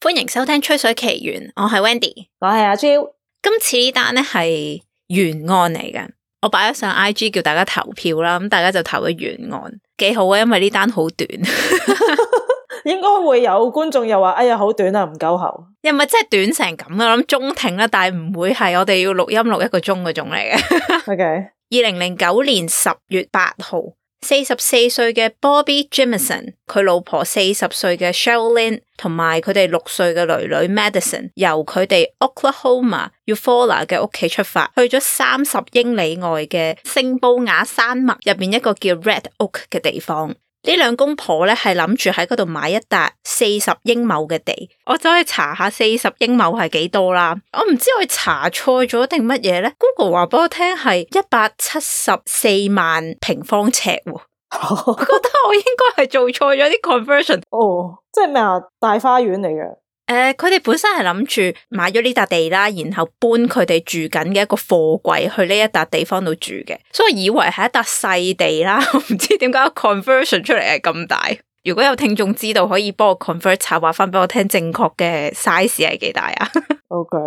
歡迎收聽《吹水奇緣》，我係 Wendy，我係阿 Jo。Jill，今次呢單咧係懸案嚟嘅，我擺咗上 IG 叫大家投票啦，咁大家就投咗懸案，幾好啊！因為呢單好短。 應該會有觀眾又話：哎呀，好短啊，唔夠喉。又唔係真係短成咁啊？諗中庭啦，但係唔會係我哋要錄音錄一個鐘嗰種嚟嘅。Ok 二零零九年十月八號，四十四歲嘅 Bobby Jamison，佢老婆四十歲嘅 Shelley，同埋佢哋六歲嘅女女 Madison，由佢哋 Oklahoma Eufaula 嘅屋企出發，去咗三十英里外嘅聖布瓦山脈入邊一個叫 Red Oak 嘅地方。兩呢兩公婆咧係諗住喺嗰度買一笪四十英畝嘅地，我走去查下四十英畝係幾多啦。我唔知我查錯咗定乜嘢咧。Google 話俾我聽係一百七十四萬平方尺，我 覺得我應該係做錯咗啲 conversion。哦，oh, 即係咩啊？大花園嚟嘅。誒，佢哋、呃、本身係諗住買咗呢笪地啦，然後搬佢哋住緊嘅一個貨櫃去呢一笪地方度住嘅，所以我以為係一笪細地啦，唔知點解 conversion 出嚟係咁大。如果有聽眾知道，可以幫我 convert 話返俾我聽，正確嘅 size 係幾大啊 ？OK，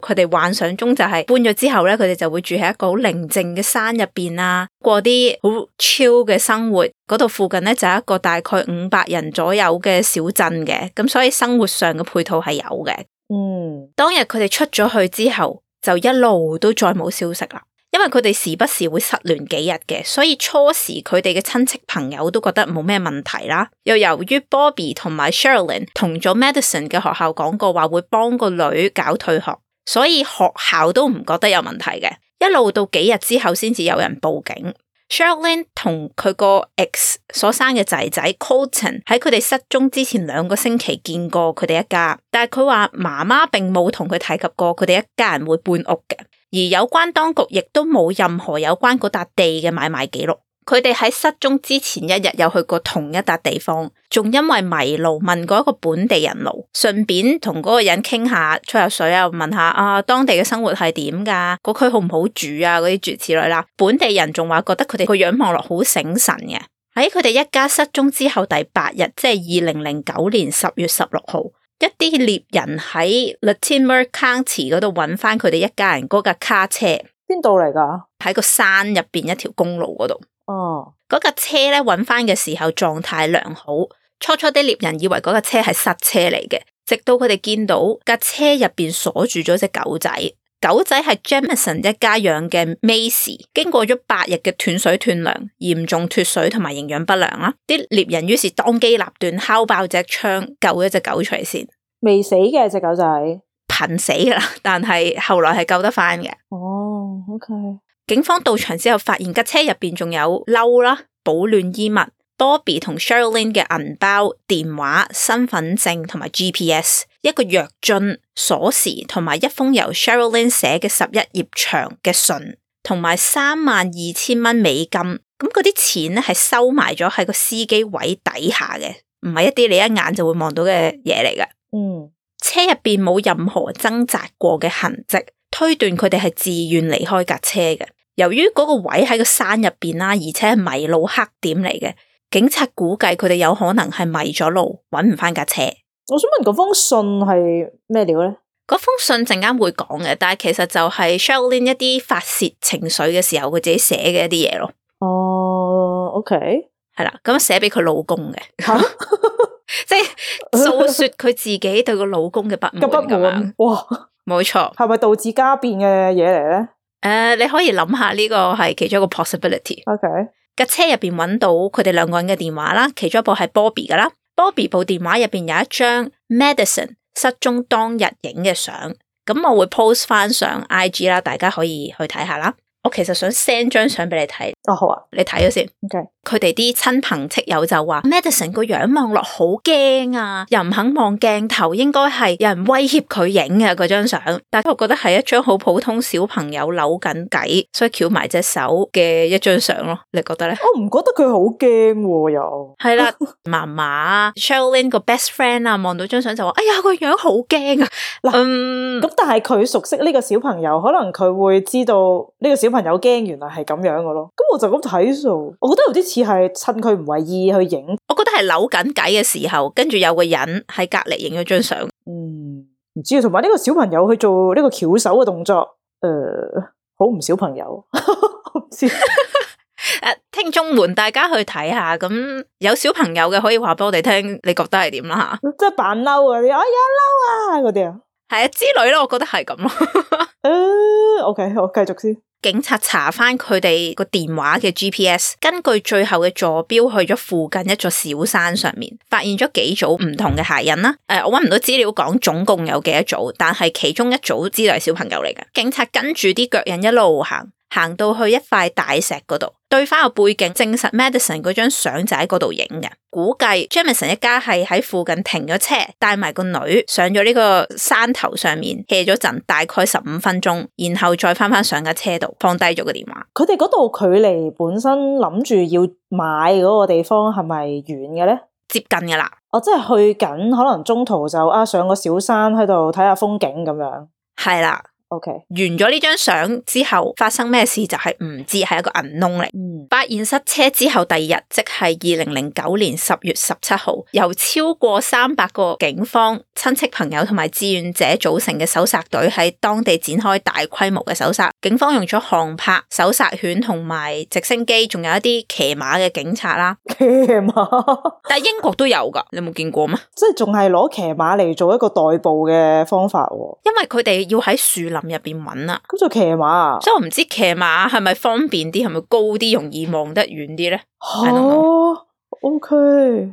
佢哋幻想中就係、是、搬咗之後咧，佢哋就會住喺一個好寧靜嘅山入邊啊，過啲好超嘅生活。嗰度附近咧就是、一個大概五百人左右嘅小鎮嘅，咁所以生活上嘅配套係有嘅。嗯，mm. 當日佢哋出咗去之後，就一路都再冇消息啦。因為佢哋時不時會失聯幾日嘅，所以初時佢哋嘅親戚朋友都覺得冇咩問題啦。又由於 Bobby 同埋 Sherilyn 同咗 Madison 嘅學校講過話會幫個女搞退學，所以學校都唔覺得有問題嘅。一路到幾日之後，先至有人報警。Sherilyn 同佢個 ex 所生嘅仔仔 Colton 喺佢哋失蹤之前兩個星期見過佢哋一家，但係佢話媽媽並冇同佢提及過佢哋一家人會搬屋嘅。而有關當局亦都冇任何有關嗰笪地嘅買賣記錄。佢哋喺失蹤之前一日有去過同一笪地方，仲因為迷路問過一個本地人路，順便同嗰個人傾下吹下水啊，問下啊當地嘅生活係點噶，個區好唔好住啊，嗰啲諸如此類啦。本地人仲話覺得佢哋個樣望落好醒神嘅。喺佢哋一家失蹤之後第八日，即係二零零九年十月十六號。一啲獵人喺 Latimer County 嗰度，揾返佢哋一家人嗰架卡車，邊度嚟㗎？喺個山入面一條公路嗰度。哦，嗰架車呢，揾返嘅時候狀態良好，初初啲獵人以為嗰架車係塞車嚟嘅，直到佢哋見到架車入面鎖住咗隻狗仔。狗仔係 Jamison 一家養嘅 Maisie，經過咗八日嘅斷水斷糧，嚴重脫水同埋營養不良啦。啲獵人於是當機立斷，敲爆隻窗救咗隻狗出嚟先。未死嘅隻狗仔，瀕死噶啦，但係後來係救得翻嘅。哦、oh，OK。警方到場之後，發現架車入邊仲有褸啦、保暖衣物、Dobby 同 Sherilyn 嘅銀包、電話、身份證同埋 GPS。一個藥樽、鎖匙同埋一封由 Sherilyn 寫嘅十一頁長嘅信，同埋三萬二千蚊美金。咁嗰啲錢咧係收埋咗喺個司機位底下嘅，唔係一啲你一眼就會望到嘅嘢嚟嘅。嗯，車入邊冇任何掙扎過嘅痕跡，推斷佢哋係自願離開架車嘅。由於嗰個位喺個山入邊啦，而且係迷路黑點嚟嘅，警察估計佢哋有可能係迷咗路，搵唔翻架車。我想問嗰封信係咩料咧？嗰封信陣間會講嘅，但係其實就係 Sherilyn 一啲發泄情緒嘅時候，佢自己寫嘅一啲嘢咯。哦、uh,，OK，係啦，咁寫俾佢老公嘅，啊、 即係訴說佢自己對個老公嘅不滿咁樣。哇，冇錯錯，係咪導致家變嘅嘢嚟咧？誒，uh, 你可以諗下呢個係其中一個 possibility。OK，架車入邊揾到佢哋兩個人嘅電話啦，其中一部係 Bobby 噶啦。Bobby 部電話入邊有一張 Madison 失蹤當日影嘅相，咁我會 post 翻上 IG 啦，大家可以去睇下啦。我其實想 send 張相畀你睇，哦好啊，你睇咗先。Okay. 佢哋啲親朋戚友就話，Madison 個樣望落好驚啊，又唔肯望鏡頭，應該係有人威脅佢影嘅嗰張相。但係我覺得係一張好普通小朋友扭緊計，所以翹埋隻手嘅一張相咯。你覺得咧、啊？我唔覺得佢好驚喎，又係啦。媽媽 Sherilyn 個 best friend 啊，望到張相就話，哎呀，個樣好驚啊！嗱喇，咁、嗯、但係佢熟悉呢個小朋友，可能佢會知道呢個小朋友驚，原來係咁樣嘅咯。咁我就咁睇數，我覺得有啲。似係趁佢唔為意去影，我覺得係扭緊計嘅時候，跟住有個人喺隔籬影咗張相。嗯，唔知啊，同埋呢個小朋友去做呢個翹手嘅動作，誒、呃，好唔小朋友， 我唔知。誒， 聽眾們，大家去睇下，咁有小朋友嘅可以話俾我哋聽，你覺得係點啦吓？即係扮嬲嗰，你哎呀嬲啊嗰啲啊，係啊之類咯，我覺得係咁咯。 O K，好，繼續先。警察查翻佢哋個電話嘅 G P S，根據最後嘅坐標去咗附近一座小山上面，發現咗幾組唔同嘅鞋印啦。誒、呃，我搵唔到資料講，總共有幾多組，但係其中一組知道係小朋友嚟嘅。警察跟住啲腳印一路行。行到去一塊大石嗰度，對翻個背景證實 Madison 嗰張相就喺嗰度影嘅。估計 Jamison 一家係喺附近停咗車，帶埋個女上咗呢個山頭上面歇咗陣，大概十五分鐘，然後再翻翻上架車度放低咗個電話。佢哋嗰度距離本身諗住要買嗰個地方係咪遠嘅咧？接近噶啦，我、哦、即係去緊，可能中途就啊上個小山喺度睇下風景咁樣。係啦。O.K. 完咗呢張相之後，發生咩事就係、是、唔知係一個銀窿嚟。發現失車之後，第二日即係二零零九年十月十七號，由超過三百個警方、親戚朋友同埋志願者組成嘅搜索隊喺當地展開大規模嘅搜索。警方用咗航拍、搜索犬同埋直升機，仲有一啲騎馬嘅警察啦。騎騎馬？ 但係英國都有㗎，你冇見過咩？即係仲係攞騎馬嚟做一個代步嘅方法，因為佢哋要喺樹林入邊揾啦，咁就騎馬啊，所以我唔知騎馬係咪方便啲，係咪高啲，容易望得遠啲咧？吓、oh，OK，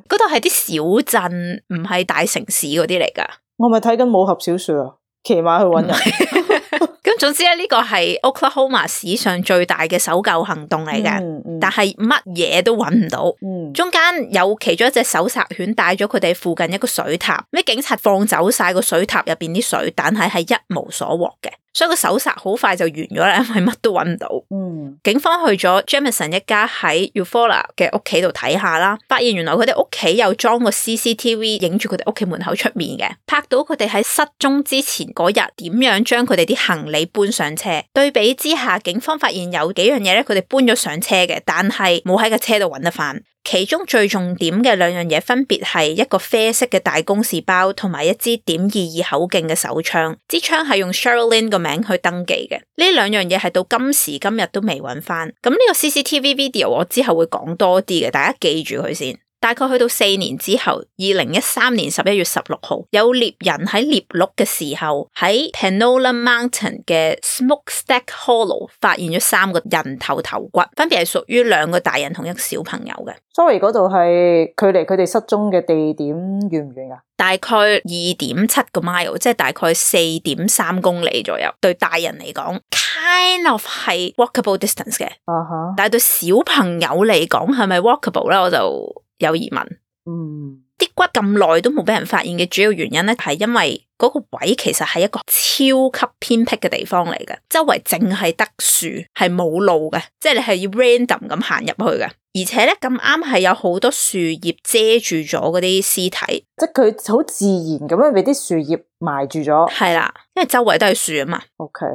嗰度係啲小鎮，唔係大城市嗰啲嚟噶。我咪睇緊武俠小說啊，騎馬去揾人。 總之咧，呢個係 Oklahoma 史上最大嘅搜救行動嚟嘅。嗯嗯、但係乜嘢都搵唔到。嗯、中間有其中一隻搜查犬帶咗佢哋附近一個水塔，咩警察放走晒個水塔入邊啲水，但係係一無所獲嘅。所以個搜殺好快就完咗啦，因為乜都揾唔到。嗯、警方去咗 Jamison 一家喺 Eufaula 嘅屋企度睇下啦，發現原來佢哋屋企有裝過 CCTV 影住佢哋屋企門口出面嘅，拍到佢哋喺失蹤之前嗰日點樣將佢哋啲行李搬上車。對比之下，警方發現有幾樣嘢咧，佢哋搬咗上車嘅，但係冇喺個車度揾得返。其中最重點嘅兩樣嘢，分別係一個啡色嘅大公事包，同埋一支點二二口徑嘅手槍。支槍係用 Sherilyn 個名去登記嘅。呢兩樣嘢係到今時今日都未揾翻。咁呢個 CCTV video 我之後會講多啲嘅，大家記住佢先。大概去到四年之後，二零一三年十一月十六號，有獵人喺獵鹿嘅時候，喺 Panola Mountain 嘅 Smokestack Hollow 發現咗三個人頭頭骨，分別係屬於兩個大人同一個小朋友嘅。sorry 嗰度係距離佢哋失蹤嘅地點遠唔遠噶？大概二點七個 mile，即係大概四點三公里左右。對大人嚟講，kind of 係 walkable distance 嘅。Uh huh. 但係對小朋友嚟講，係咪 walkable 咧？我就有疑問，嗯，啲骨咁耐都冇俾人發現嘅主要原因咧，係因為嗰個位其實係一個超級偏僻嘅地方嚟嘅，周圍淨係得樹，係冇路嘅，即係你係要 random 咁行入去嘅，而且咧咁啱係有好多樹葉遮住咗嗰啲屍體，即係佢好自然咁樣俾啲樹葉埋住咗，係啦，因為周圍都係樹啊嘛。OK。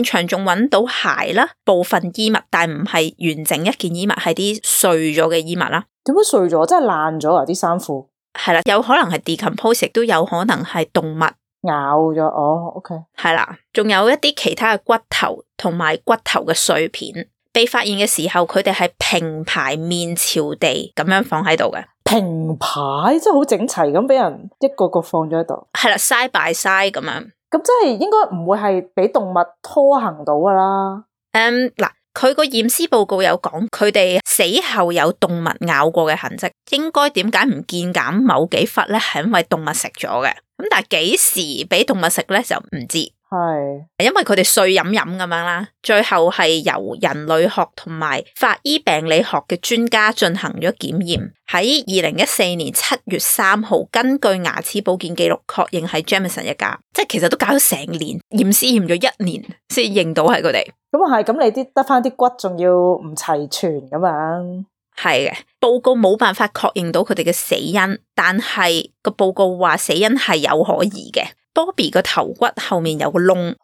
現場仲揾到鞋啦，部分衣物，但唔係完整一件衣物，係啲碎咗嘅衣物啦。點解碎咗？真係爛咗啊！啲衫褲係啦，有可能係 decompose，亦都有可能係動物咬咗。哦，oh，OK，係啦，仲有一啲其他嘅骨頭同埋骨頭嘅碎片，被發現嘅時候，佢哋係平排面朝地咁樣放喺度嘅。平排真係好整齊咁，俾人一個個放咗喺度。係啦，side by side 咁樣。咁即係應該唔會係俾動物拖行到噶啦。嗯，嗱，佢個驗屍報告有講，佢哋死後有動物咬過嘅痕跡。應該點解唔見減某幾忽咧？係因爲動物食咗嘅。咁但係幾時俾動物食咧就唔知。係，因為佢哋睡飲飲咁樣啦，最後係由人類學同埋法醫病理學嘅專家進行咗檢驗。喺二零一四年七月三號，根據牙齒保健記錄確認係 Jamison、erm、一家，即係其實都搞咗成年驗屍驗咗一年先認到係佢哋。咁啊係，咁你啲得翻啲骨仲要唔齊全咁樣，係嘅報告冇辦法確認到佢哋嘅死因，但係個報告話死因係有可疑嘅。Bobby 個頭骨後面有個窿，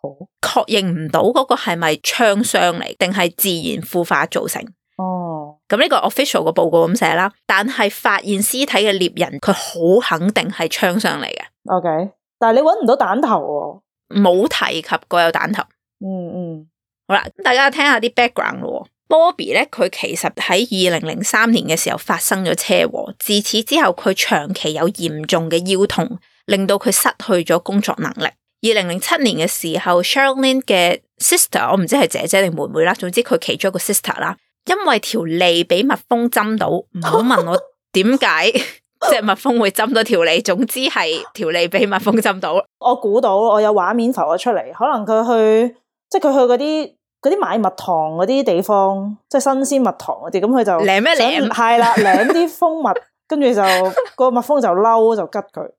確好認唔到嗰個係咪槍傷嚟，定係自然腐化造成？哦，咁呢個 official 個報告咁寫啦，但係發現屍體嘅獵人佢好肯定係槍傷嚟嘅。OK，但係你搵唔到彈頭，哦，冇提及過有彈頭。嗯嗯，好啦，咁大家聽下啲 background 咯。Bobby 咧，佢其實喺二零零三年嘅時候發生咗車禍，自此之後佢長期有嚴重嘅腰痛。令到佢失去咗工作能力。二零零七年嘅時候，Sherilyn 嘅 sister，我唔知係姐姐定妹妹啦，總之佢其中一個 sister 啦，因為條脷俾蜜蜂針到，唔好問我點解，即係蜜蜂會針到條脷，總之係條脷俾蜜蜂針到。 我估到，我有畫面浮咗出嚟，可能佢去，即係佢去嗰啲嗰啲買蜜糖嗰啲地方，即係新鮮蜜糖嗰啲，咁佢就舐咩舐？係啦，舐啲蜂蜜，跟住 就個蜜蜂就嬲就拮佢。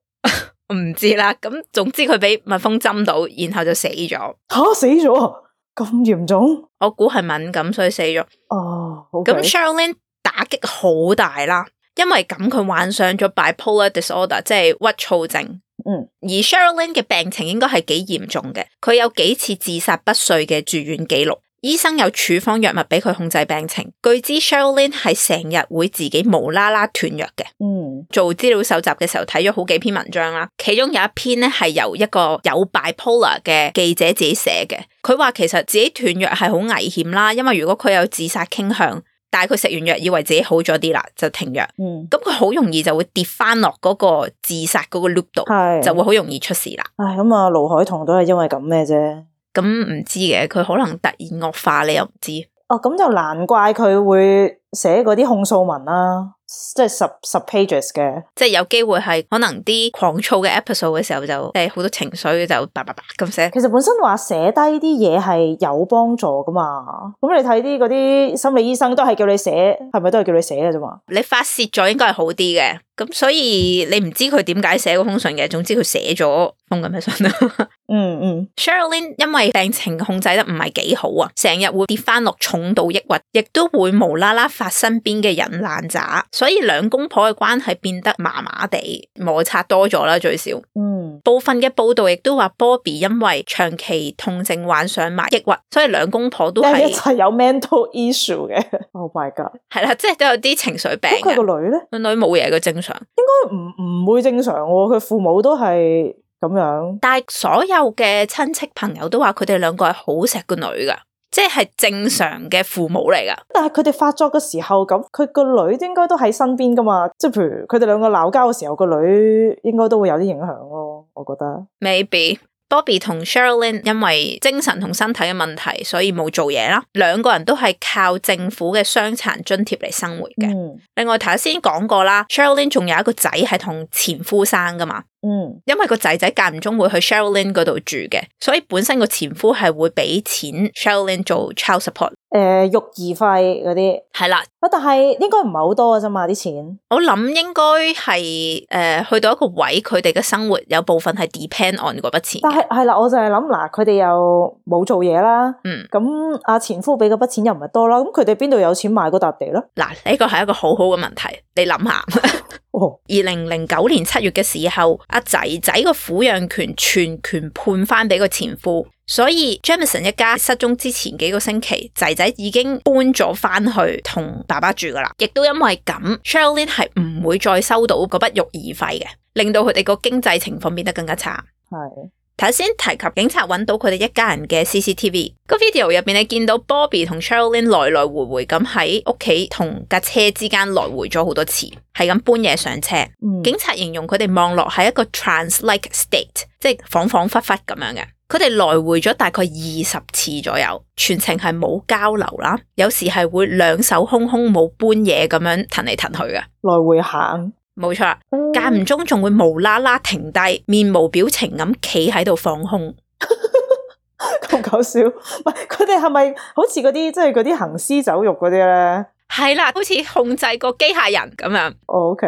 唔知啦，咁總之佢俾蜜蜂針到，然後就死咗。吓、啊、死咗，咁嚴重？我估係敏感，所以死咗。哦，咁 Sharon Lynn 打擊好大啦，因為咁佢患上咗 bipolar disorder，即係鬱躁症。嗯，而 Sharon Lynn 嘅病情應該係幾嚴重嘅，佢有幾次自殺不遂嘅住院記錄。醫生有處方藥物俾佢控制病情。據知 Shailene 係成日會自己無啦啦斷藥嘅。嗯，做資料搜集嘅時候睇咗好幾篇文章啦，其中有一篇咧係由一個有 bipolar 嘅記者自己寫嘅。佢話其實自己斷藥係好危險啦，因為如果佢有自殺傾向，但係佢食完藥以為自己好咗啲啦，就停藥。嗯，咁佢好容易就會跌翻落嗰個自殺嗰個 loop 度，係是就會好容易出事啦。唉，咁啊，盧海彤都係因為咁咩啫？咁唔知嘅，佢可能突然惡化，你又唔知。哦，咁就難怪佢會寫嗰啲控訴文啦，即係十十 pages 嘅，即係有機會係可能啲狂躁嘅 episode 嘅時候就誒好多情緒就叭叭叭咁寫。其實本身話寫低啲嘢係有幫助噶嘛，咁你睇啲嗰啲心理醫生都係叫你寫，係咪都係叫你寫嘅啫嘛？你發洩咗應該係好啲嘅，咁所以你唔知佢點解寫嗰封信嘅，總之佢寫咗封咁嘅信啦。嗯嗯，Sherilyn 因為病情控制得唔係幾好啊，成日會跌翻落重度抑鬱，亦都會無啦啦。發生身邊嘅人爛渣，所以兩公婆嘅關係變得麻麻地，摩擦多咗啦最少。嗯，部分嘅報道亦都話，Bobby 因為長期痛症、患上埋抑鬱，所以兩公婆都係一齊有 mental issue 嘅。Oh my god！係啦，即係都有啲情緒病。佢個女咧？個女冇嘢嘅正常，應該唔唔會正常喎。佢父母都係咁樣，但係所有嘅親戚朋友都話佢哋兩個係好錫個女噶。即係正常嘅父母嚟噶，但係佢哋發作嘅時候，咁佢個女應該都喺身邊噶嘛？即係譬如佢哋兩個鬧交嘅時候，個女應該都會有啲影響咯，我覺得。Maybe。Bobby 同 Sherilyn 因為精神同身體嘅問題，所以冇做嘢啦。兩個人都係靠政府嘅傷殘津貼嚟生活嘅。嗯、另外，頭先講過啦 Sherilyn 仲有一個仔係同前夫生噶嘛。嗯，因為個仔仔間唔中會去 Sherilyn 嗰度住嘅，所以本身個前夫係會俾錢 Sherilyn 做 child support。誒、呃，育兒費嗰啲係啦，的但係應該唔係好多嘅啫嘛，啲錢。我諗應該係誒，去到一個位，佢哋嘅生活有部分係 depend on 嗰筆錢。但係係啦，我就係諗嗱，佢哋又冇做嘢啦，啦嗯，咁阿前夫俾嗰筆錢又唔係多啦，咁佢哋邊度有錢買嗰笪地咧？嗱，呢個係一個好好嘅問題，你諗下。哦，二零零九年七月嘅時候，阿仔仔個撫養權全權判翻俾個前夫。所以 Jamison 一家失蹤之前幾個星期，仔仔已經搬咗翻去同爸爸住噶啦，亦都因為咁，Charlene 係唔會再收到嗰筆育兒費嘅，令到佢哋個經濟情況變得更加差。係是，頭先提及警察揾到佢哋一家人嘅 CCTV 個 video 入邊，你見到 Bobby 同 Charlene 來來回回咁喺屋企同架車之間來回咗好多次，係咁搬嘢上車。嗯、警察形容佢哋望落係一個 trans-like state，即係恍恍惚惚咁樣嘅。佢哋來回咗大概二十次左右，全程係冇交流啦。有時係會兩手空空冇搬嘢咁樣騰嚟騰去嘅，來回行，冇錯錯。間唔中仲會無啦啦停低，面無表情咁企喺度放空，咁 搞笑。唔係，佢哋係咪好似嗰啲即係嗰啲行屍走肉嗰啲咧？係啦，好似控制個機械人咁樣。OK。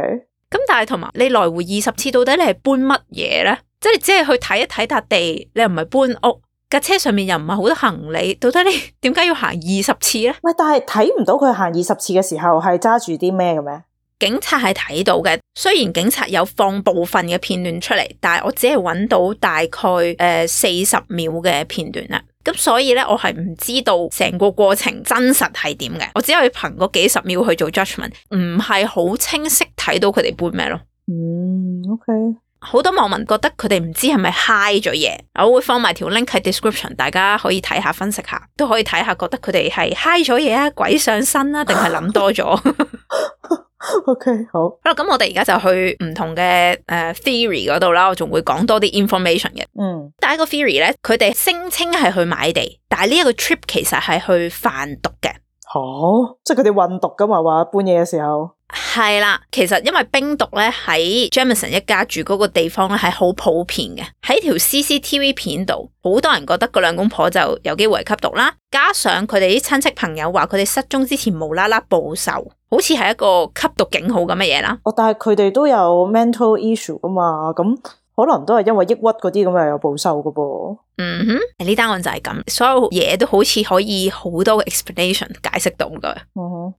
咁但係同埋你來回二十次，到底你係搬乜嘢呢？即係你只係去睇一睇笪地，你又唔係搬屋，架車上面又唔係好多行李，到底你點解要行二十次咧？唔，但係睇唔到佢行二十次嘅時候係揸住啲咩嘅咩？警察係睇到嘅，雖然警察有放部分嘅片段出嚟，但係我只係揾到大概誒四十秒嘅片段啦。咁所以咧，我係唔知道成個過程真實係點嘅，我只係憑嗰幾十秒去做 judgment，唔係好清晰睇到佢哋搬咩咯。嗯，OK。好多網民覺得佢哋唔知係咪 high 咗嘢，我會放埋條 link 喺 description，大家可以睇下分析下，都可以睇下覺得佢哋係 high 咗嘢啊，鬼上身啊，定係諗多咗 ？OK，好，咁我哋而家就去唔同嘅誒、uh, theory 嗰度啦，我仲會講多啲 information 嘅。嗯，第一個 theory 咧，佢哋聲稱係去買地，但係呢一個 trip 其實係去販毒嘅。吓、oh，即係佢哋運毒噶嘛？話半夜嘅時候。係啦，其實因為冰毒咧喺 Jamison、erm、一家住嗰個地方咧係好普遍嘅，喺條 CCTV 片度，好多人覺得嗰兩公婆就有機會吸毒啦。加上佢哋啲親戚朋友話佢哋失蹤之前無啦啦暴瘦，好似係一個吸毒警號咁嘅嘢啦。哦，但係佢哋都有 mental issue 噶嘛，咁可能都係因為抑鬱嗰啲咁又有暴瘦噶噃。嗯哼，呢單案就係咁，所有嘢都好似可以好多個 explanation 解釋到噶。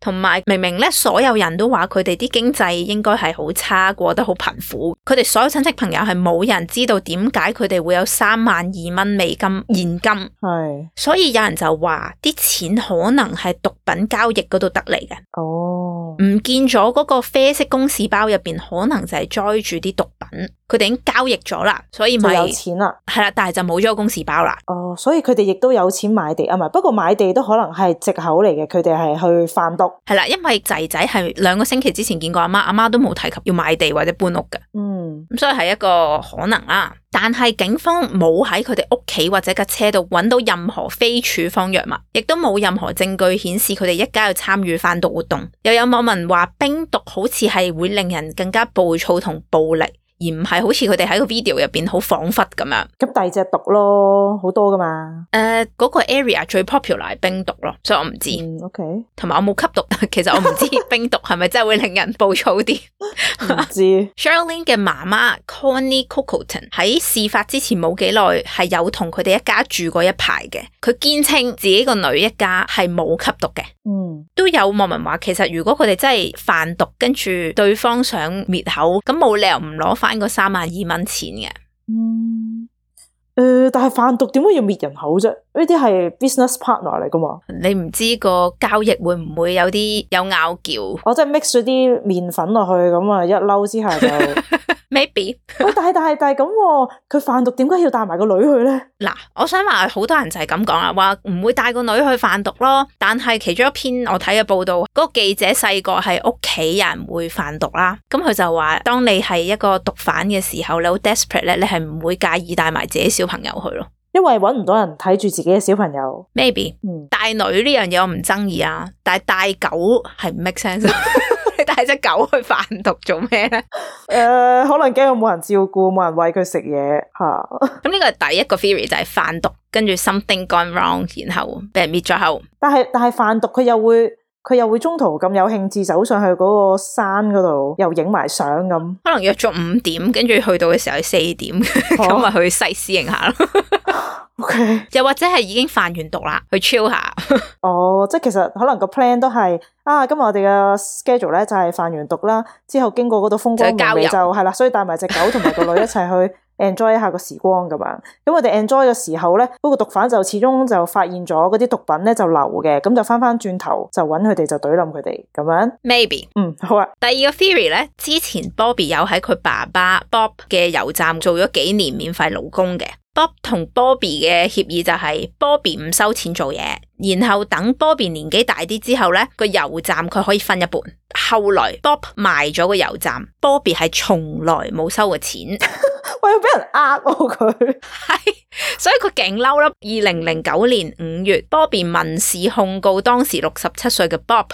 同埋、嗯、哼明明咧，所有人都話佢哋啲經濟應該係好差，過得好貧苦，佢哋所有親戚朋友係冇人知道點解佢哋會有三萬二蚊美，美金現金。係是，所以有人就話啲錢可能係毒品交易嗰度得嚟嘅。哦，唔見咗嗰個啡色公事包入邊，可能就係載住啲毒品，佢哋已經交易咗啦，所以咪有錢啦。係啦，但係就冇咗個公。包啦，哦，所以佢哋亦都有錢買地啊，唔不過買地都可能係藉口嚟嘅，佢哋係去販毒。係啦，因為仔仔係兩個星期之前見過阿媽，阿媽都冇提及要買地或者搬屋嘅。嗯，咁所以係一個可能啦，啊。但係警方冇喺佢哋屋企或者架車度揾到任何非處方藥物，亦都冇任何證據顯示佢哋一家有參與販毒活動。又有網民話冰毒好似係會令人更加暴躁同暴力。而唔係好似佢哋喺個 video 入邊好恍惚咁樣，咁大隻毒咯，好多㗎嘛？誒，嗰個 area 最 popular 係冰毒咯，所以我唔知。OK，同埋我冇吸毒，其實我唔知冰毒係咪 真係會令人暴躁啲，唔知。 Sharlene 嘅媽媽 Connie Cocolton 喺事發之前冇幾耐係有同佢哋一家住過一排嘅，佢堅稱自己個女一家係冇吸毒嘅。嗯。都有網民話，其實如果佢哋真係販毒，跟住對方想滅口，咁冇理由唔攞返嗰三萬二蚊錢嘅。嗯，呃，但係販毒點解要滅人口啫？呢啲係 business partner 嚟噶嘛？你唔知個交易會唔會有啲有拗撬？我即係 mix 咗啲麵粉落去，咁啊一嬲之下就 maybe。佢大大大係但咁，佢販毒點解要帶埋個女去咧？嗱，我想話好多人就係咁講啦，話唔會帶個女去販毒咯。但係其中一篇我睇嘅報道，嗰、嗰個記者細個係屋企人會販毒啦。咁佢就話：當你係一個毒販嘅時候，你好 desperate 咧，你係唔會介意帶埋自己小朋友去咯。因為揾唔到人睇住自己嘅小朋友，maybe，帶、嗯、女呢樣嘢，我唔爭議啊，但係帶狗係唔 make sense，你帶隻狗去販毒做咩咧？誒，uh, 可能驚冇人照顧，冇人餵佢食嘢吓。咁呢個係第一個 theory 就係販毒，跟住 something gone wrong，然後俾人滅咗後。但係但係販毒佢又會佢又會中途咁有興致走上去嗰個山嗰度，又影埋相咁。可能約咗五點，跟住去到嘅時候係四點，咁咪、uh. 去細思量下咯。 O Okay . K，又或者係已經販完毒啦，去 chill 下。哦 ，oh, 即係其實可能個 plan 都係啊，今日我哋嘅 schedule 咧就係販完毒啦，之後經過嗰度風光如嚟，就係啦，所以帶埋隻狗同埋個女一齊去 enjoy 一下個時光咁樣。咁 我哋 enjoy 嘅時候咧，嗰、嗰個毒販就始終就發現咗嗰啲毒品咧就流嘅，咁就翻翻轉頭就揾佢哋就懟冧佢哋咁樣。Maybe，嗯，好啊。第二個 theory 咧，之前 Bobby 有喺佢爸爸 Bob 嘅油站做咗幾年免費勞工嘅。Bob 同 Bobby 嘅協議就係 Bobby 唔收錢做嘢，然後等 Bobby 年紀大啲之後咧個油站佢可以分一半。後來 Bob 賣咗個油站，Bobby 係從來冇收過錢， 我要俾人呃哦佢，係 所以佢勁嬲囉。二零零九年五月，Bobby 民事控告當時六十七歲嘅 Bob。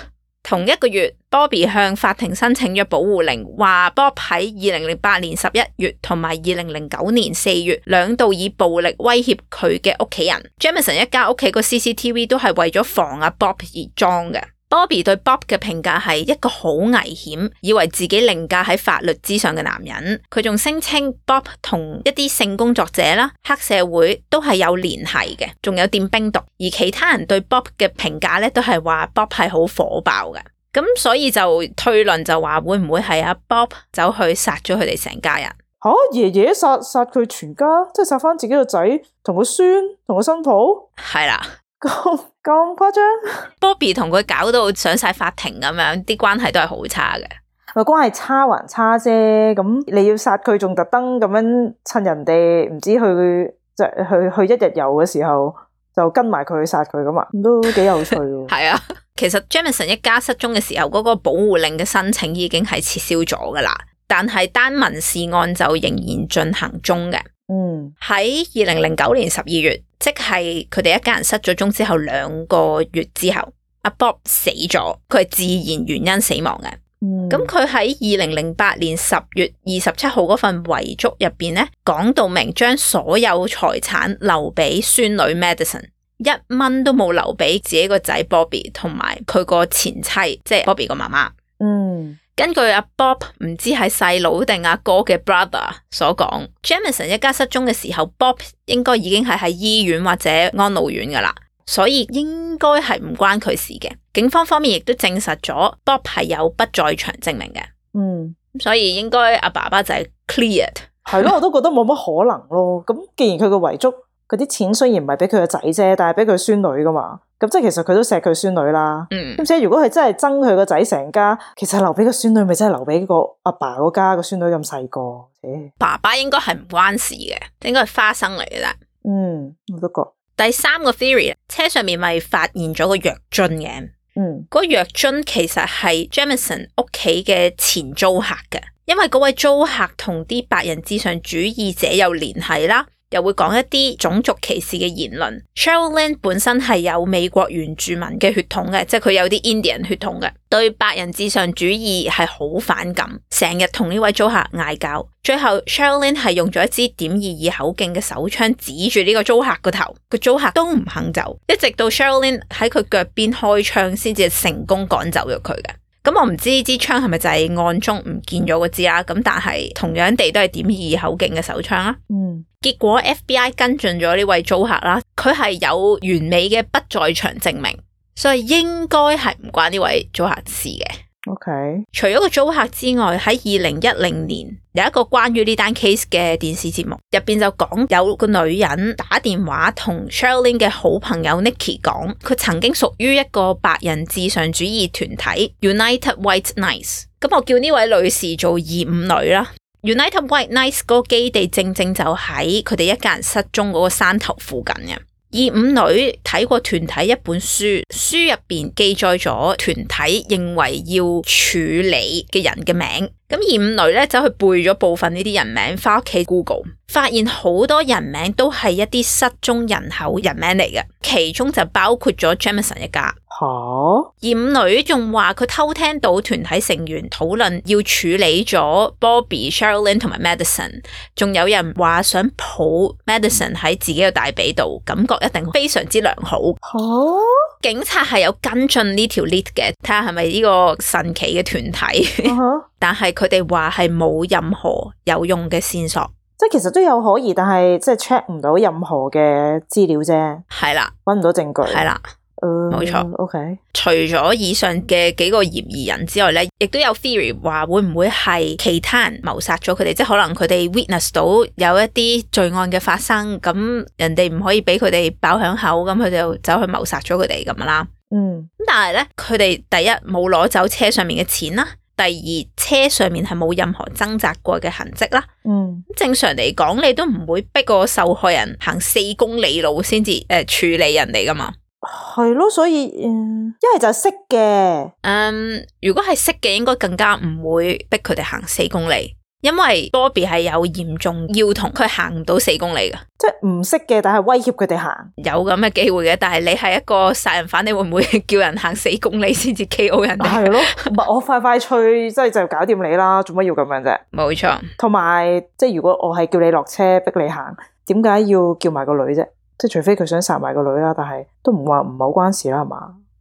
同一個月，Bobby 向法庭申請咗保護令，話 Bob 喺二零零八年十一月同埋二零零九年四月兩度以暴力威脅佢嘅屋企人。Jamison 一家屋企個 CCTV 都係為咗防阿 Bobby 而裝嘅。Bobby 對 Bob 嘅評價係一個好危險，以為自己凌駕喺法律之上嘅男人。佢仲聲稱 Bob 同一啲性工作者啦、黑社會都係有聯繫嘅，仲有掂冰毒。而其他人對 Bob 嘅評價咧，都係話 Bob 係好火爆嘅。咁所以就推論就話會唔會係阿 Bob 走去殺咗佢哋成家人？吓、啊，爺爺殺殺佢全家，即係殺翻自己個仔、同個孫、同個新抱？係啦。咁咁誇張，Bobby 同佢搞到上晒法庭咁樣，啲關係都係好差嘅。咪，關係差還差啫，咁你要殺佢，仲特登咁樣趁人哋唔知去就去去，去一日遊嘅時候就跟埋佢去殺佢咁啊？都幾有趣喎。係 啊，其實 Jamison 一家失蹤嘅時候，嗰、嗰個保護令嘅申請已經係撤銷咗噶啦，但係單民事案就仍然進行中嘅。嗯，喺二零零九年十二月。即係佢哋一家人失咗蹤之後兩個月之後，阿 Bob 死咗，佢係自然原因死亡嘅。嗯。咁佢喺二零零八年十月二十七號嗰份遺囑入邊咧，講到明將所有財產留俾孫女 Madison，一蚊都冇留俾自己個仔 Bobby 同埋佢個前妻，即係 Bobby 個媽媽。嗯。根據阿 Bob 唔知係細佬定阿哥嘅 brother 所講，Jamison 一家失蹤嘅時候，Bob 應該已經係喺醫院或者安老院噶啦，所以應該係唔關佢事嘅。警方方面亦都證實咗 Bob 係有不在場證明嘅。嗯，所以應該阿爸爸就 clear 係咯， 我都覺得冇乜可能咯。咁既然佢個遺囑嗰啲錢雖然唔係俾佢個仔啫，但係俾佢孫女噶嘛。咁即係其實佢都錫佢孫女啦，而且、嗯、如果佢真係憎佢個仔成家，其實留俾個孫女，咪真係留俾個阿爸嗰家個孫女咁細個。爸爸應該係唔關事嘅，應該係花生嚟嘅啫。嗯，我都覺得。第三個 theory，車上面咪發現咗個藥樽嘅。嗯，嗰個藥樽其實係 Jamison 屋企嘅前租客嘅，因為嗰位租客同啲白人至上主義者有聯繫啦。又會講一啲種族歧視嘅言論。Sherilyn 本身係有美國原住民嘅血統嘅，即係佢有啲印第安血統嘅，對白人至上主義係好反感，成日同呢位租客嗌交。最後 Sherilyn 係用咗一支點二二口徑嘅手槍指住呢個租客個頭，個租客都唔肯走，一直到 Sherilyn 喺佢腳邊開槍先至成功趕走咗佢嘅。咁我唔知支槍係咪就係案中唔見咗個支啊咁但係同樣地都係點二口徑嘅手槍啊。嗯，結果 FBI 跟進咗呢位租客啦，佢係有完美嘅不在場證明，所以應該係唔關呢位租客嘅事嘅。OK，除咗個租客之外，喺二零一零年有一個關於呢單 case 嘅電視節目，入邊就講有個女人打電話同 Shirley 嘅好朋友 Nikki 講，佢曾經屬於一個白人至上主義團體 United White Knights。咁我叫呢位女士做二五女啦。United White Knights 嗰個基地正正就喺佢哋一家人失蹤嗰個山頭附近嘅。二五女睇過團體一本書，書入邊記載咗團體認為要處理嘅人嘅名。咁二五女咧走去背咗部分呢啲人名，翻屋企 Google，發現好多人名都係一啲失蹤人口人名嚟嘅，其中就包括咗 Jamison 一家。吓、啊，二五女仲話佢偷聽到團體成員討論要處理咗 Bobby、Sherilyn 同埋 Madison，仲有人話想抱 Madison 喺自己嘅大髀度，感覺一定非常之良好。好、啊，警察係有跟進呢條 lead 嘅，睇下係咪呢個神奇嘅團體。啊。但係佢哋話係冇任何有用嘅線索，即係其實都有可疑，但係即係 check 唔到任何嘅資料啫。係啦的，揾唔到證據。係啦，嗯，冇錯。OK。除咗以上嘅幾個嫌疑人之外咧，亦都有 theory 話會唔會係其他人謀殺咗佢哋？即係可能佢哋 witness 到有一啲罪案嘅發生，咁人哋唔可以俾佢哋爆響口，咁佢就走去謀殺咗佢哋咁啦。嗯。咁但係咧，佢哋第一冇攞走車上面嘅錢啦。第二，車上面係冇任何掙扎過嘅痕跡啦。嗯，正常嚟講，你都唔會逼個受害人行四公里路先至誒處理人哋噶嘛。係咯，所以一係、嗯、就識嘅。嗯，如果係識嘅，應該更加唔會逼佢哋行四公里。因為多比係有嚴重要同佢行唔到四公里嘅，即係唔識嘅，但係威脅佢哋行有咁嘅機會嘅。但係你係一個殺人犯，你會唔會叫人行四公里先至 K.O. 人哋？係 咯、啊，唔係我快快脆即係就搞掂你啦，做乜要咁樣啫？冇錯錯。同埋即係如果我係叫你落車逼你行，點解要叫埋個女啫？即係除非佢想殺埋個女啦，但係都唔話唔好關事啦，係嘛？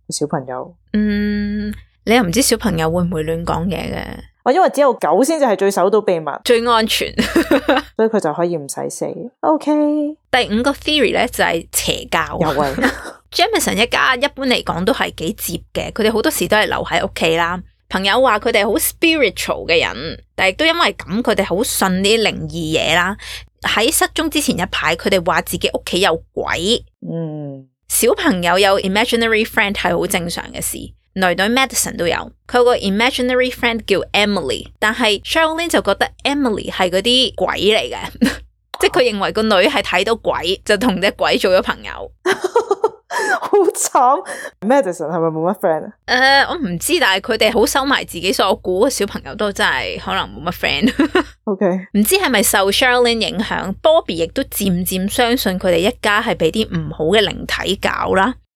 小朋友，嗯，你又唔知小朋友會唔會亂講嘢嘅？因為只有狗先至係最守到秘密、最安全， 所以佢就可以唔使死。OK，第五個 theory 咧就係、是、邪教。 位 Jamison 一家一般嚟講都係幾接嘅，佢哋好多時都係留喺屋企啦。朋友話佢哋好 spiritual 嘅人，但係都因為咁，佢哋好信啲靈異嘢啦。喺失蹤之前一排，佢哋話自己屋企有鬼。嗯，小朋友有 imaginary friend 係好正常嘅事。女女 Madison 都有佢個 imaginary friend 叫 Emily，但係 Shirley 就覺得 Emily 係嗰啲鬼嚟嘅。 即佢認為個女係睇到鬼就同隻鬼做咗朋友。 好慘慘。Madison 係咪冇乜 friend 啊？Uh, 我唔知道，但係佢哋好收埋自己，所以我估嘅小朋友 Okay. 是是都真係可能冇乜 friend。OK，唔知係咪受 Shirley 影響，Bobby 亦都漸漸相信佢哋一家係俾啲唔好嘅靈體搞啦。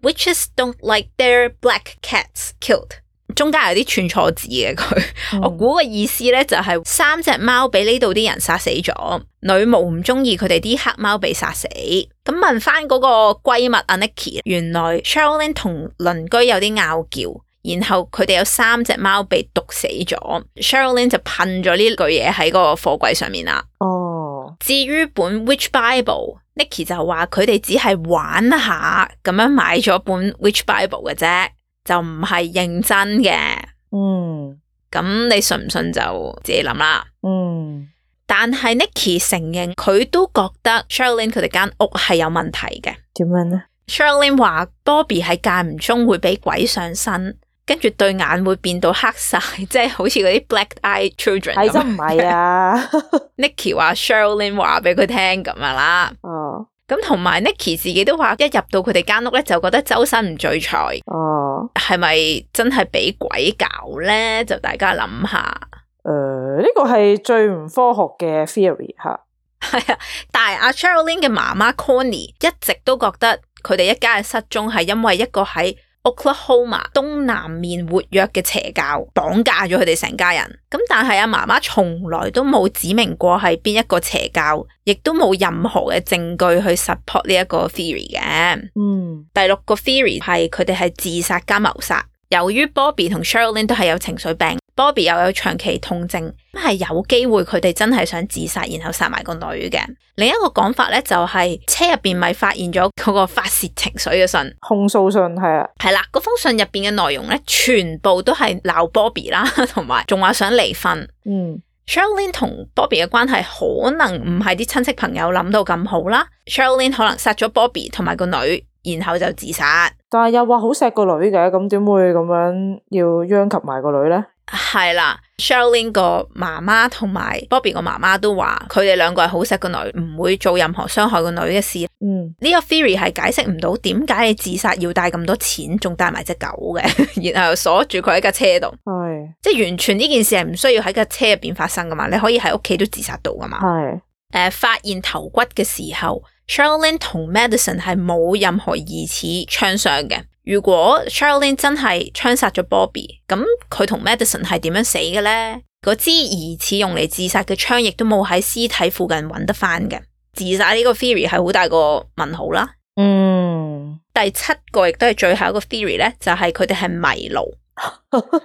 Witches don't like their black cats killed。中間有啲串錯字嘅佢，嗯、我估嘅意思咧就係、是、三隻貓被呢度啲人殺死咗，女巫唔中意佢哋啲黑貓被殺死。咁問返嗰個閨蜜阿 Nicky，原來 Sharlene 同鄰居有啲拗撬，然後佢哋有三隻貓被毒死咗，Sharlene 就噴咗呢句嘢喺個貨櫃上面啦。哦、至於本 Witch Bible。Nicky 就話佢哋只係玩一下咁樣買咗本 Witch Bible 嘅啫，就唔係認真嘅。嗯，咁你信唔信就自己諗啦。嗯，但係 Nicky 承認佢都覺得 Sherilyn 佢哋間屋係有問題嘅。點樣呢？Sherilyn 話 Bobby 係間唔中會俾鬼上身。跟住對眼會變到黑晒，即係好似嗰啲 black eye children。係真唔係啊？Nicky 話 Sherilyn 話俾佢聽咁樣啦。哦，咁同埋 Nicky 自己都話，一入到佢哋間屋咧，就覺得周身唔聚財。哦，係咪真係俾鬼搞咧？就大家諗下。誒、呃，呢、這個係最唔科學嘅 theory 吓。係啊， 但係阿 Sherilyn 嘅媽媽 Connie 一直都覺得佢哋一家嘅失蹤係因為一個喺。Oklahoma 東南面活躍嘅邪教綁架咗佢哋成家人，咁但係阿媽媽從來都冇指明過係邊一個邪教，亦都冇任何嘅證據去 support 呢一個 theory 嘅。嗯，第六個 theory 係佢哋係自殺加謀殺，由於 Bobby 同 Sherilyn 都係有情緒病。Bobby 又有長期痛症，咁係有機會佢哋真係想自殺，然後殺埋個女嘅。另一個講法咧，就係、是、車入邊咪發現咗嗰個發洩情緒嘅信，控訴信係啊，係啦，嗰封信入邊嘅內容咧，全部都係鬧 Bobby 啦，同埋仲話想離婚。嗯，Sharlene 同 Bobby 嘅關係可能唔係啲親戚朋友諗到咁好啦。Sharlene 可能殺咗 Bobby 同埋個女，然後就自殺。但係又話好錫個女嘅，咁點會咁樣要殃及埋個女咧？係啦，Sherilyn 個媽媽同埋 Bobby 個媽媽都話，佢哋兩個係好錫個女，唔會做任何傷害個女嘅事。嗯，呢個 theory 係解釋唔到點解你自殺要帶咁多錢，仲帶埋隻狗嘅， 然後鎖住佢喺架車度。係是，即係完全呢件事係唔需要喺架車入邊發生噶嘛，你可以喺屋企都自殺到噶嘛。係是，誒、呃，發現頭骨嘅時候，Sherilyn 同 Madison 係冇任何疑似槍傷嘅。如果 Charlene 真係槍殺咗 Bobby，咁佢同 Madison 係點樣死嘅咧？嗰支疑似用嚟自殺嘅槍亦都冇喺屍體附近揾得翻嘅，自殺呢個 theory 係好大個問號啦。嗯，第七個亦都係最後一個 theory 咧，就係佢哋係迷路，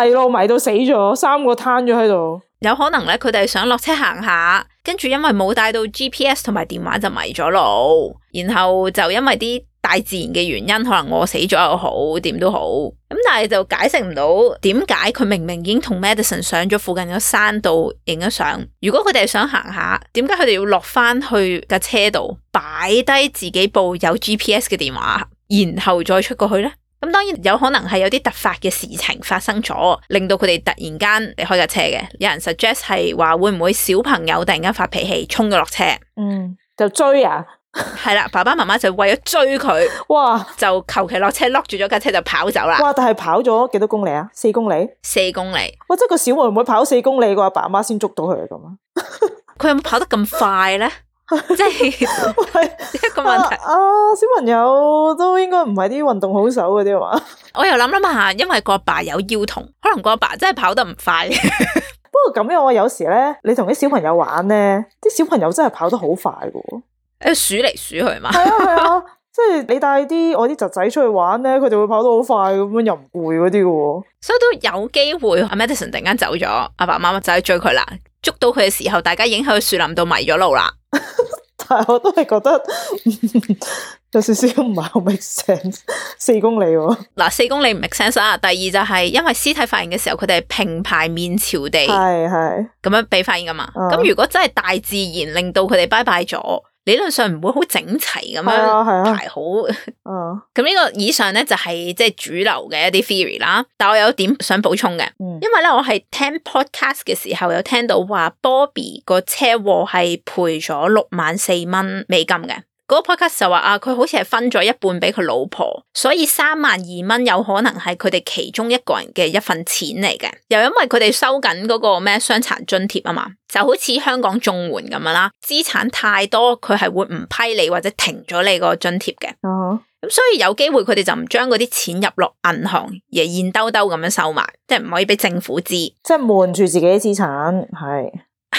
迷路迷到死咗，三個癱咗喺度。有可能咧，佢哋想落車行下，跟住因為冇帶到 GPS 同埋電話就迷咗路，然後就因為啲。大自然嘅原因可能餓死咗又好，點都好。咁但係就解釋唔到點解佢明明已經同 Madison 上咗附近嘅山度影咗相。如果佢哋係想行下，點解佢哋要落翻去架車度擺低自己部有 GPS 嘅電話，然後再出過去呢？咁當然有可能係有啲突發嘅事情發生咗，令到佢哋突然間離開架車嘅。有人 suggest 係話會唔會小朋友突然間發脾氣衝咗落車，嗯，就追啊？係啦， 爸爸媽媽就為咗追佢，哇，就求其落車碌住咗架車就跑走啦。哇！但係跑咗幾多公里啊？四公里，四公里。公里哇！即係個小妹妹跑四公里，個阿爸阿媽先捉到佢咁啊，佢 有冇跑得咁快咧？即係一個問題啊，啊！小朋友都應該唔係啲運動好手嘅啲係嘛？ 我又諗諗下，因為個阿爸，爸有腰痛，可能個阿爸，爸真係跑得唔快。 不過咁樣啊，有時咧，你同啲小朋友玩咧，啲小朋友真係跑得好快嘅。數嚟數去嘛 啊，係啊，即係你帶啲我啲侄仔出去玩咧，佢就會跑得好快咁樣，又唔攰嗰啲嘅，所以都有機會。阿 Madison 突然間走咗，阿爸爸媽媽就去追佢啦，捉到佢嘅時候，大家已經喺樹林度迷咗路啦。 但係我都係覺得、嗯、有少少唔係好 make sense。四公里嗱，啊， 四公里唔 make sense 啊。第二就係因為屍體發現嘅時候，佢哋係平排面朝地，係係咁樣俾發現噶嘛。咁、嗯、如果真係大自然令到佢哋拜拜咗。理論上唔會好整齊咁樣排好、啊，咁呢、啊 嗯、個以上咧就係即係主流嘅一啲 theory 啦。但我有一點想補充嘅，因為咧我係聽 podcast 嘅時候有聽到話，Bobby 個車禍係賠咗六萬四蚊美金嘅。嗰個 podcast 就話啊，佢好似係分咗一半俾佢老婆，所以三萬二蚊有可能係佢哋其中一個人嘅一份錢嚟嘅。又因為佢哋收緊嗰個咩傷殘津貼啊嘛，就好似香港綜援咁樣啦，資產太多佢係會唔批你或者停咗你個津貼嘅。哦、uh，咁、huh。所以有機會佢哋就唔將嗰啲錢入落銀行，而係現兜兜咁樣收埋，即係唔可以俾政府知，即係瞞住自己資產，係。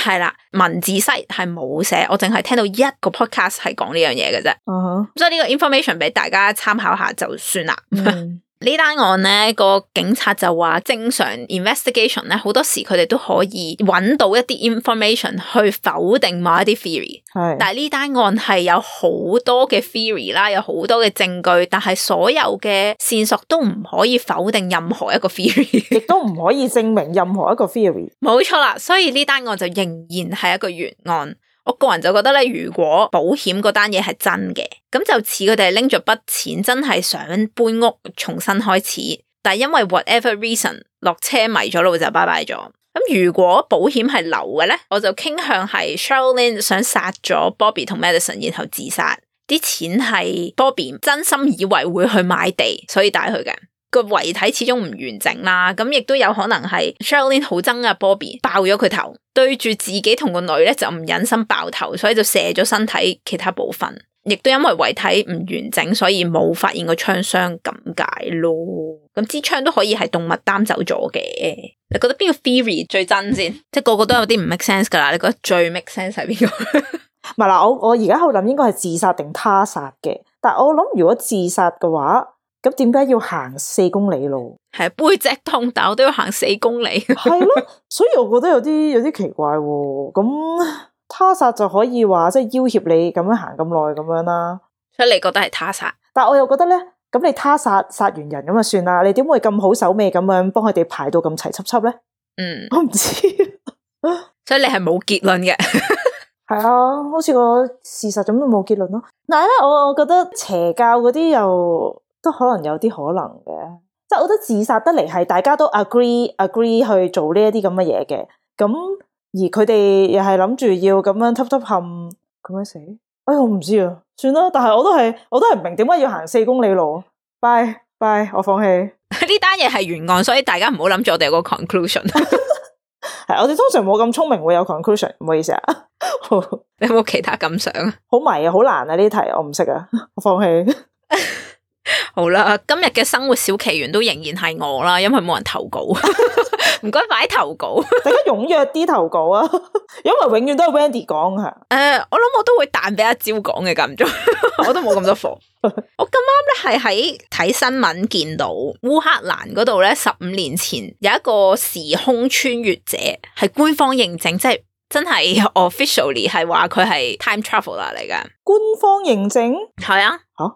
係啦，文字西係冇寫，我淨係聽到一個 podcast 係講呢樣嘢嘅啫，咁、uh huh. 所以呢個 information 俾大家參考下就算啦。 呢單案咧，個警察就話，正常 investigation 咧，好多時佢哋都可以揾到一啲 information 去否定某一啲 theory 是。但係呢單案係有好多嘅 theory 啦，有好多嘅證據，但係所有嘅線索都唔可以否定任何一個 theory，亦都唔可以證明任何一個 theory。冇 錯啦，所以呢單案就仍然係一個懸案。我個人就覺得咧，如果保險嗰單嘢係真嘅。咁就似佢哋拎咗筆錢，真係想搬屋重新開始，但係因為 whatever reason 落車迷咗路就拜拜咗。咁如果保險係流嘅咧，我就傾向係 Sharon 想殺咗 Bobby 同 Madison，然後自殺。啲錢係 Bobby 真心以為會去買地，所以帶去嘅。個遺體始終唔完整啦，咁亦都有可能係 Sherilyn 好憎阿 Bobby，爆咗佢頭，對住自己同個女咧就唔忍心爆頭，所以就射咗身體其他部分。亦都因為遺體唔完整，所以冇發現個槍傷咁解咯。咁支槍都可以係動物擔走咗嘅。你覺得邊個 theory 最真先？即係個個都有啲唔 make sense 噶啦。你覺得最 make sense 係邊個？唔係啦，我我而家好諗應該係自殺定他殺嘅。但我諗如果自殺嘅話，咁點解要行四公里路？係背脊痛，但我都要行四公里。係 咯，所以我覺得有啲有啲奇怪。咁他殺就可以話即係要挾你咁樣行咁耐咁樣啦。所以你覺得係他殺？但係我又覺得咧，咁你他殺殺完人咁就算啦。你點會咁好手尾咁樣幫佢哋排到咁齊齊齊咧？嗯，我唔知。 所以你係冇結論嘅，係 啊，好似個事實咁都冇結論咯。但係咧，我我覺得邪教嗰啲又。都可能有啲可能嘅，即係我覺得自殺得嚟係大家都 agree agree 去做呢一啲咁嘅嘢嘅，咁而佢哋又係諗住要咁樣吸吸冚咁樣死，哎呀我唔知啊，算啦，但係我都係我都係唔明點解要行四公里路啊，bye bye，我放棄，呢單嘢係懸案，所以大家唔好諗住我哋有個 conclusion，係 我哋通常冇咁聰明會有 conclusion，唔好意思啊， 好你有冇其他感想啊？好迷啊，好難啊呢題，我唔識啊，我放棄。 好啦，今日嘅生活小奇懸都仍然係我啦，因為冇人投稿，唔該快啲投稿，大家 踴躍啲投稿啊！因為永遠都係 Wendy 講㗎，誒、呃，我諗我都會彈俾阿蕉講嘅，夾唔中我都冇咁多貨。 我咁啱咧係喺睇新聞見到烏克蘭嗰度咧，十五年前有一個時空穿越者係官方認證，即係真係 officially 係話佢係 time traveler 嚟㗎。官方認證係啊，吓、啊。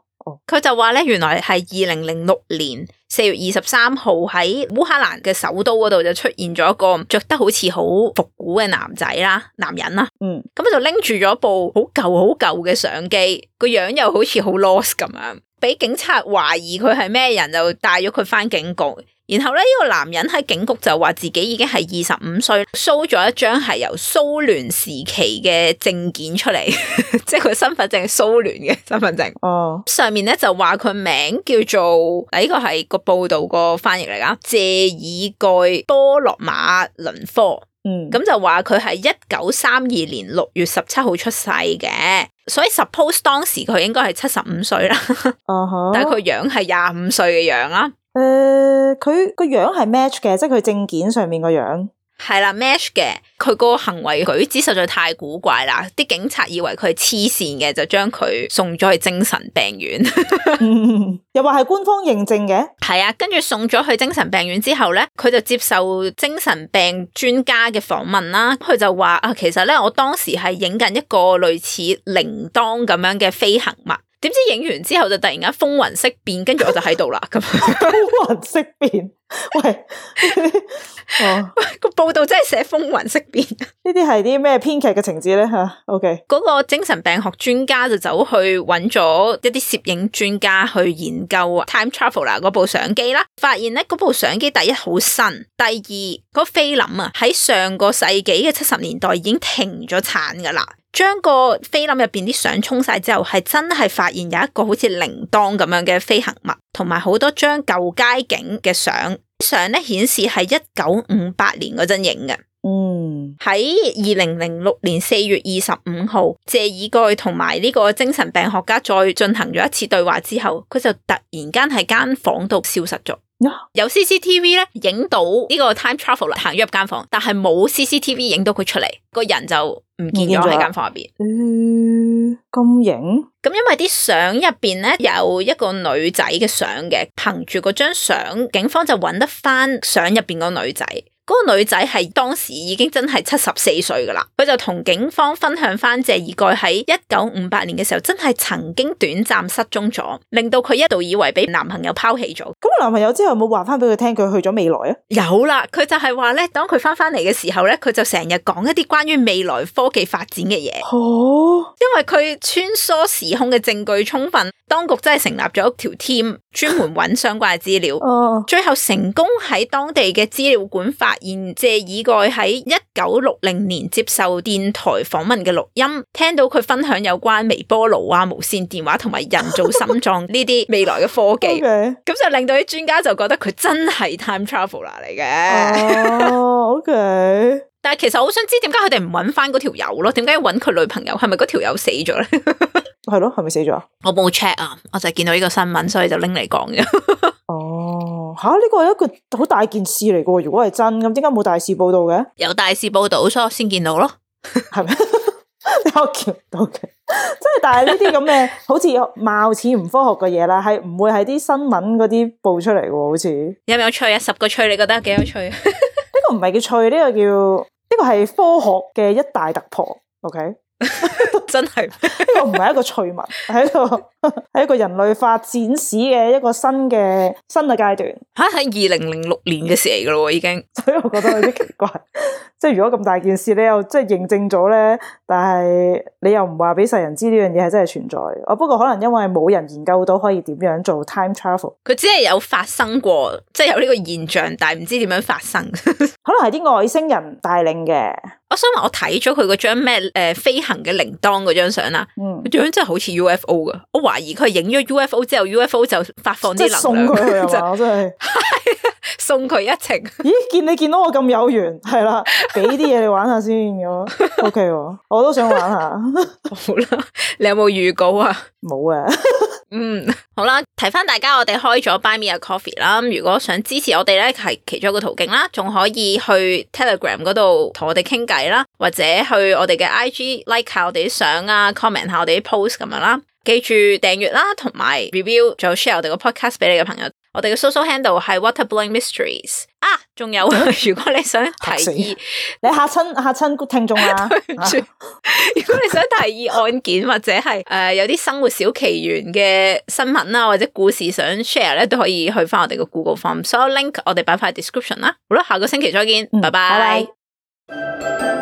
佢就話咧，原來係二零零六年四月二十三號喺烏克蘭嘅首都嗰度就出現咗一個着得好似好復古嘅男仔啦，男人啦、啊，嗯，咁就拎住咗部好舊好舊嘅相機，個樣又好似好 lost 咁樣，俾警察懷疑佢係咩人，就帶咗佢翻警局。然後咧，呢、這個男人喺警局就話自己已經係二十五歲，show 咗一張係由蘇聯時期嘅證件出嚟， 即係佢身份證係蘇聯嘅身份證。哦，oh. 上面咧就話佢名叫做，嗱、這、呢個係個報道個翻譯嚟噶，謝爾蓋·多洛馬倫科。嗯，咁、mm. 就話佢係一九三二年六月十七號出世嘅，所以 suppose 當時佢應該係七十五歲啦。哦、 uh，huh. 但係佢樣係廿五歲嘅樣啦。誒，佢個、呃、樣係 match 嘅，即係佢證件上面個樣係啦，match 嘅。佢個行為舉止實在太古怪啦，啲警察以為佢係黐線嘅，就將佢送咗去精神病院。 嗯、又話係官方認證嘅，係啊。跟住送咗去精神病院之後咧，佢就接受精神病專家嘅訪問啦。佢就話啊，其實咧，我當時係影緊一個類似鈴鐺咁樣嘅飛行物。點知影完之後就突然間風雲色變，跟住我就喺度啦。咁風雲色變，喂！ 個報道真係寫風雲色變。呢啲係啲咩編劇嘅情節咧？吓，OK。嗰個精神病學專家就走去揾咗一啲攝影專家去研究啊，Time Travel 嗱、er，嗰部相機啦，發現咧，嗰部相機第一好新，第二嗰、那個、菲林啊喺上個世紀嘅七十年代已經停咗產㗎啦。將個菲林入邊啲相沖晒之後，係真係發現有一個好似鈴鐺咁樣嘅飛行物，同埋好多張舊街景嘅相。啲相咧顯示係一九五八年嗰陣影嘅。嗯，喺二零零六年四月二十五號，謝爾蓋同埋呢個精神病學家再進行咗一次對話之後，佢就突然間喺間房度消失咗。有 CCTV 咧影到呢個 Time Traveler 啦，行咗入間房，但係冇 CCTV 影到佢出嚟，個人就唔見咗喺間房入邊。嗯，咁影咁因為啲相入邊咧有一個女仔嘅相嘅，憑住嗰張相，警方就揾得翻相入邊個女仔。嗰個女仔係當時已經真係七十四歲噶啦，佢就同警方分享翻謝爾蓋喺一九五八年嘅時候，真係曾經短暫失蹤咗，令到佢一度以為俾男朋友拋棄咗。咁個男朋友之後有冇話翻俾佢聽佢去咗未來啊？有啦，佢就係話咧，當佢翻翻嚟嘅時候咧，佢就成日講一啲關於未來科技發展嘅嘢。哦，oh. 因為佢穿梭時空嘅證據充分，當局真係成立咗一條 team 專門揾相關嘅資料。哦，oh. 最後成功喺當地嘅資料館發。發現謝爾蓋喺一九六零年接受電台訪問嘅錄音，聽到佢分享有關微波爐啊、無線電話同埋人造心臟呢啲未來嘅科技，咁 Okay. 就令到啲專家就覺得佢真係 time traveller 嚟嘅。 uh, o、okay. k 但係其實我想知點解佢哋唔揾翻嗰條友咯？點解揾佢女朋友？係咪嗰條友死咗咧？係 咯，係咪死咗啊？我冇 check 啊，我就係見到呢個新聞，所以就拎嚟講嘅。 哦，吓呢個係一個好大件事嚟噶，如果係真咁，點解冇大事報道嘅？有大事報道，所以我先見到咯。係咩？我見到嘅，即係但係呢啲咁嘅，好似貌似唔科學嘅嘢啦，係唔會係啲新聞嗰啲報出嚟嘅？好似有唔有趣啊？十個趣，你覺得幾有，有趣？呢 個唔係叫趣，呢、這個叫。呢個係科學嘅一大突破，OK？ 真係，呢個唔係一個趣聞，喺個喺一個人類發展史嘅一個新嘅新嘅階段。吓，係二零零六年嘅事嚟噶咯，已經。所以我覺得有啲奇怪，即係如果咁大件事，你又即係認證咗咧，但係你又唔話俾世人知呢樣嘢係真係存在。哦，不過可能因為冇人研究到可以點樣做 time travel，佢只係有發生過，即係有呢個現象，但係唔知點樣發生。 可能係啲外星人帶領嘅。我想話我睇咗佢個張咩誒飛行嘅鈴鐺嗰張相啦，佢張、嗯、真係好似 UFO 噶，我懷疑佢係影咗 UFO 之後，UFO 就發放啲能量，即係送佢，佢啊我真係送佢一程。咦？見你見到我咁有緣，係啦，俾啲嘢你玩下先咁。 o、okay、K，我都想玩下。 好啦，你有冇預告啊？冇有啊。 嗯，好啦，提返大家，我哋開咗 Buy Me a Coffee 啦。如果想支持我哋咧，係其,其中一個途徑啦，仲可以去 Telegram 度同我哋傾偈啦，或者去我哋嘅 IG like 下我哋啲相啊，comment 下我哋啲 post 咁樣啦。記住訂閱啦，同埋 review 仲有,仲有 share 我哋個 podcast 俾你嘅朋友。我哋嘅 social handle 係 waterblowingmysteries 啊，仲有，如果你想提議，你吓親吓親聽眾啦。如果你想提議案件或者係誒、呃、有啲生活小奇懸嘅新聞啦、啊、或者故事想 share 咧，都可以去翻我哋嘅 Google Form 所有 link 我哋擺喺 description 啦。好啦，下個星期再見，拜拜。